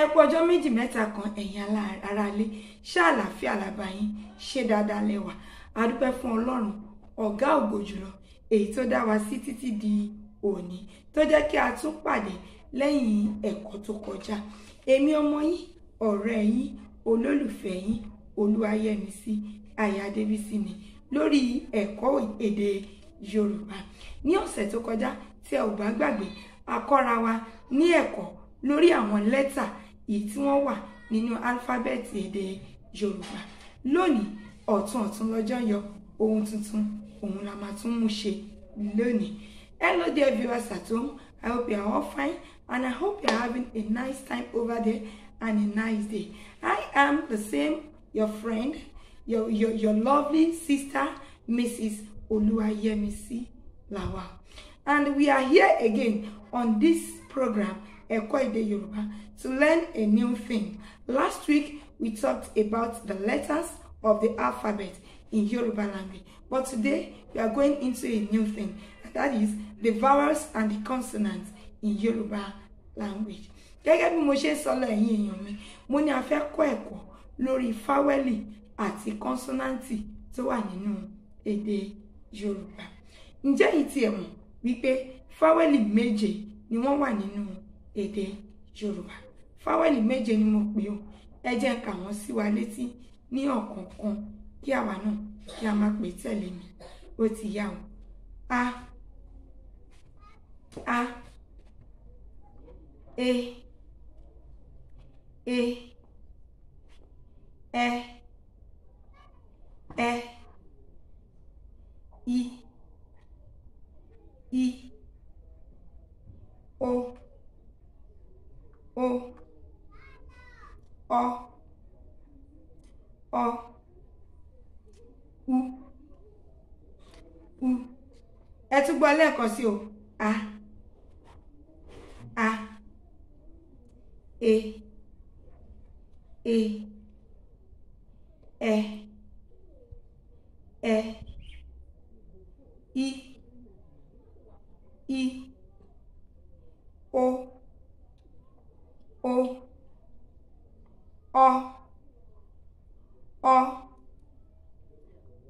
ẹ kú ọjọ́ méjì mẹ́ta kan ẹ̀yin aráalé ṣé àlàáfíà làbá yín ṣé dáadáa lẹ́wà adúpẹ́ fún ọlọ́run ọ̀gá ògo jùlọ èyí tó dá wa sí títí di òní tó jẹ́ kí a tún pàdé lẹ́yìn ẹ̀kọ́ tó kọjá èmi ọmọ yín ọ̀rẹ́ yín olólùfẹ́ yín olúwayẹmísí àyà débísí ni lórí ẹ̀kọ́ èdè yorùbá ní ọ̀sẹ̀ tó kọjá tí ẹ ò bá gbàgbé a wa ní ẹ̀kọ́ lórí àwọn lẹ́tà èyí tí wọ́n wà nínú álífábẹ́ẹ̀tì èdè yorùbá lónìí ọ̀tún ọ̀tún lọ́jọ́ yọ ohun tuntun òun la máa tún mú ṣe lónìí hello dear viewers at home i hope you are all fine and i hope you are having a nice time over there and a nice day i am the same your friend your your your lovely sister mrs oluwayemisi Lawa, and we are here again on this program, Ẹ̀kọ́ Èdè Yoruba to learn a new thing. Last week, we talked about the letters of the alphabet in Yoruba language. But today, we are going into a new thing. That is the vowels and the consonants in Yoruba language. Gẹ́gẹ́ bí mo ṣe ń sọ lọ ẹ̀yin èèyàn mi, mo ní a fẹ́ kọ́ ẹ̀kọ́ lórí fáwẹ́lì àti kọ́nsọ́náǹtì tó wà nínú èdè Yorùbá. Ǹjẹ́ yìí ti ẹ̀ mọ̀ wípé fáwẹ́lì méje ni wọ́n wà nínú èdè Yorùbá fáwẹ́lì méje ni mo pè ó ẹ jẹ́ ń kà wọ́n sí wa létí ní ọ̀kọ̀ọ̀kan kí àwa náà kí a máa pè tẹ̀lé mi ó ti yá o a a e e ẹ e, ẹ e, i i. O, O, O, u u ẹ tún gbọ́ lẹ́ẹ̀kan sí o a a e e ẹ e. ẹ e. i i o. O, ọ ọ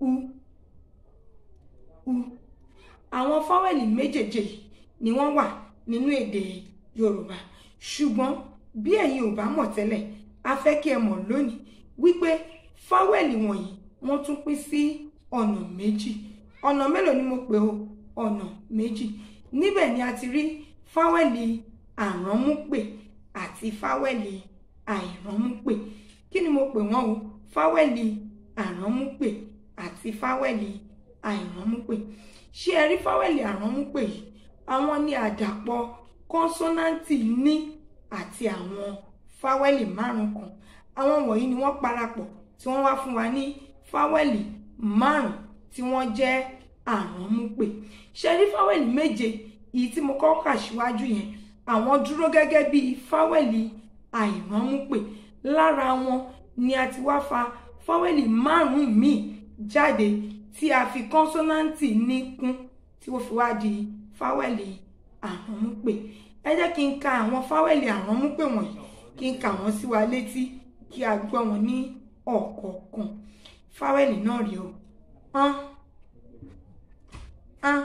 u u àwọn fáwẹ́lì méjèèjì ni wọ́n wà nínú èdè Yorùbá ṣùgbọ́n bí ẹ̀yin ò bá mọ̀ tẹ́lẹ̀ a fẹ́ kí ẹ mọ̀ lónìí wípé fáwẹ́lì wọ̀nyí wọ́n tún pín sí ọ̀nà méjì ọ̀nà mélòó ni mo pè o ọ̀nà méjì níbẹ̀ ni a ti rí fáwẹ́lì àránmúpè sí fáwẹ́lì àìránmúpè kí ni mo pè wọ́n o fáwẹ́lì àránmúpè àti fáwẹ́lì àìránmúpè ṣé ẹ rí fáwẹ́lì àránmúpè yìí àwọn ni àdàpọ̀ kọ́nsọ́náǹtì ní àti àwọn fáwẹ́lì márùn kan àwọn wọ̀nyí ni wọ́n parapọ̀ tí wọ́n wá fún wa ní fáwẹ́lì márùn tí wọ́n jẹ́ àránmúpè ṣé ẹ rí fáwẹ́lì méje èyí tí mo kọ́ kà síwájú yẹn àwọn dúró gẹ́gẹ́ bí fáwẹ̀lì àìránmúpè lára wọn ni a ti wá fa fáwẹ̀lì márùn-ún míì jáde tí a fi kọ́nsọ́náǹtì ní kún tí ó fi wá di fáwẹ̀lì àránmúpè ẹ jẹ́ kí n ka àwọn fáwẹ̀lì àránmúpè wọ̀nyí kí n kà wọ́n sí wa létí kí a gbọ́ wọn ní ọ̀kọ̀ọ̀kan fáwẹ̀lì náà rí o. an an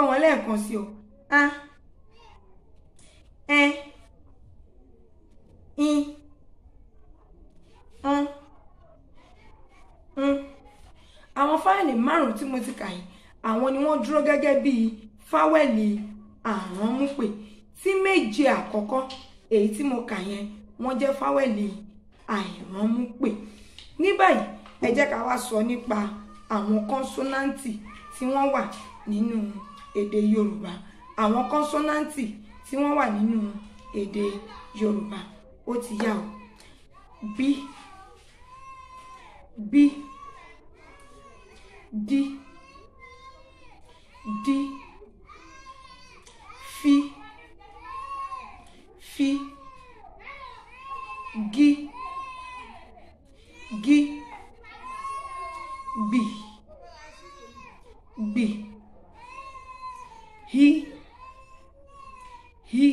gbọ́ wọn lẹ́ẹ̀kan sí o ẹ e, i n n àwọn fáìlì márùn-ún tí mo ti kà yìí àwọn ni wọ́n dúró gẹ́gẹ́ bíi fáwẹ́lì àrán múpè tí méje àkọ́kọ́ èyí tí mo kà yẹn wọ́n jẹ́ fáwẹ́lì àìrán múpè ní báyìí ẹ jẹ́ ká wá sọ nípa àwọn kọ́nsọ́náǹtì tí wọ́n wà nínú èdè yorùbá àwọn kọ́nsọ́náǹtì tí wọ́n wà nínú èdè yorùbá ó ti yá o b b d ri, ri,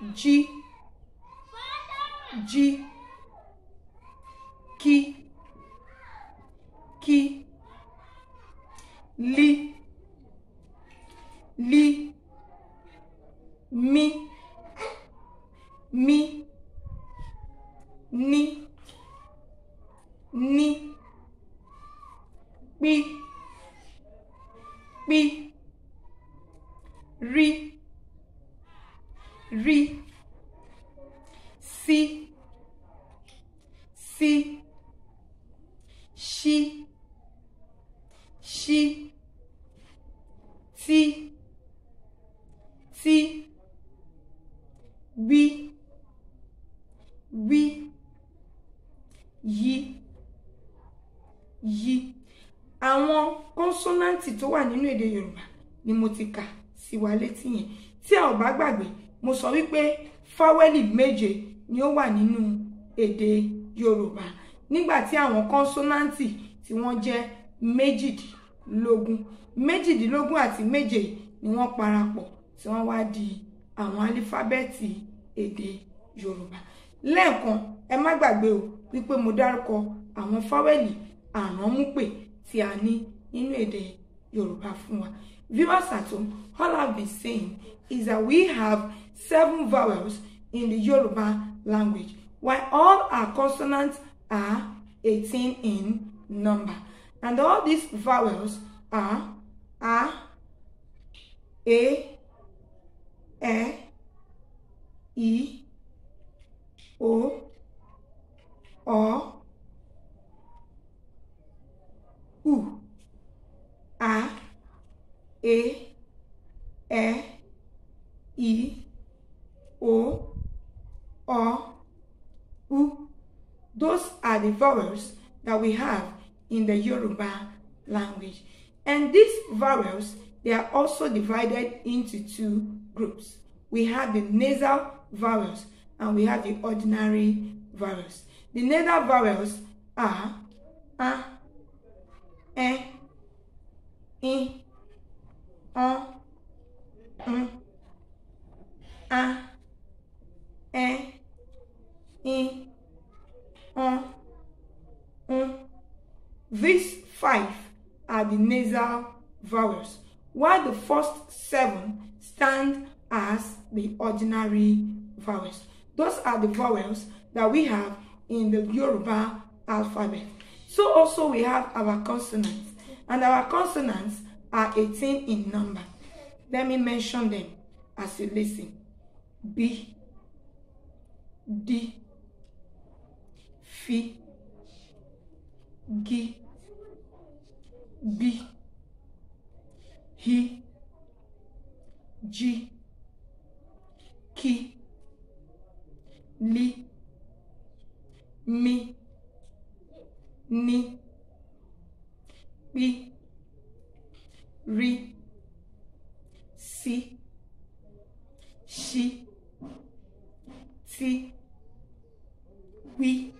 de, de, que, que, li, li, mi, mi. sí ṣí ṣí tí tí wí wí yí yí àwọn kọ́nsọ́náǹtì tó wà nínú èdè Yorùbá ni mo ti kà sí wa létí yẹn tí a ò bá gbàgbé mo sọ wípé fáwẹ́lì méje ni ó wà nínú èdè Yorùbá yorùbá nígbà tí àwọn kọ́nsọ́náǹtì tí wọ́n jẹ́ méjìdínlógún méjìdínlógún àti méje ni wọ́n parapọ̀ tí wọ́n wá di àwọn alífábẹ́ẹ̀tì èdè yorùbá lẹ́ẹ̀kan ẹ má gbàgbé o wípé mo dárúkọ àwọn fáwẹ́lì àránmúpè tí a ní nínú èdè yorùbá fún wa viewers at home all I've been saying is that we have seven vowels in the yorùbá language while all our consonants are 18 in number. And all these vowels are A, E, E, I, O, O, U, A, E, E, I, the vowels that we have in the Yoruba language. And these vowels, they are also divided into two groups. We have the nasal vowels and we have the ordinary vowels. The nasal vowels are a, e, i, o, n, a, e, i, These five are the nasal vowels, while the first seven stand as the ordinary vowels. Those are the vowels that we have in the Yoruba alphabet. So also we have our consonants, and our consonants are 18 in number. Let me mention them as you listen. B, D, F, G, b, ri, di, que, li, mi, ni, pi, ri, si, Si ti, wi,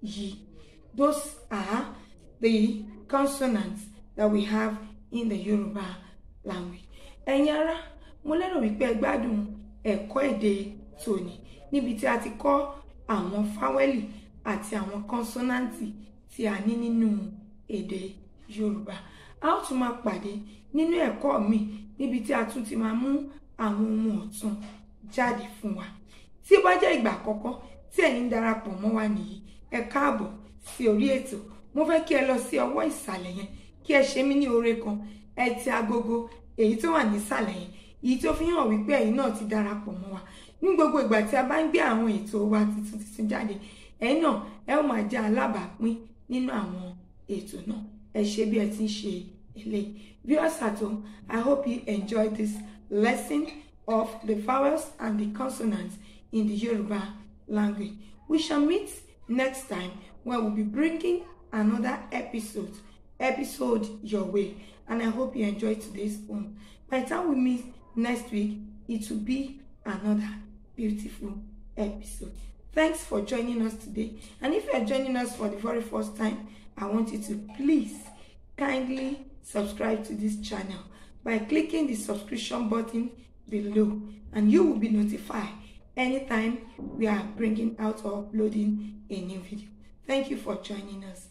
yi. Those are the consonants that we have in the Yoruba language. ẹ̀yin ará mo lérò wípé ẹ gbádùn ẹ̀kọ́ èdè tòní níbi tí a ti kọ́ àwọn fáwẹ́lì àti àwọn kọ́nsọ́náǹtì tí a ní nínú èdè Yorùbá a ó tún máa pàdé nínú ẹ̀kọ́ mi níbi tí a tún ti máa mú àwọn ohun ọ̀tun jáde fún wa tí ó bá jẹ́ ìgbà àkọ́kọ́ tí ẹ̀yin darapọ̀ mọ́ wa nìyí ẹ káàbọ̀ sí orí ètò mo fẹ́ kí ẹ lọ sí ọwọ́ ìsàlẹ̀ yẹn kí ẹ ṣe mí ní oore kan ẹ ti agogo èyí tó wà nísàlẹ̀ yẹn èyí tó fi hàn wípé ẹ̀yin náà ti darapọ̀ mọ́ wa ní gbogbo ìgbà tí a bá ń gbé àwọn ètò wa tuntun tuntun jáde ẹ̀yin náà ẹ ó máa jẹ́ alábàápín nínú àwọn ètò náà ẹ ṣe bí ẹ ti ń ṣe eléyìí viewers at home i hope you enjoy this lesson of the vowels and the consonants in the Yoruba language we shall meet next time when we'll be bringing another episode episode your way and i hope you enjoyed today's one by the time we meet next week it will be another beautiful episode thanks for joining us today and if you are joining us for the very first time i want you to please kindly subscribe to this channel by clicking the subscription button below and you will be notified anytime we are bringing out or uploading a new video thank you for joining us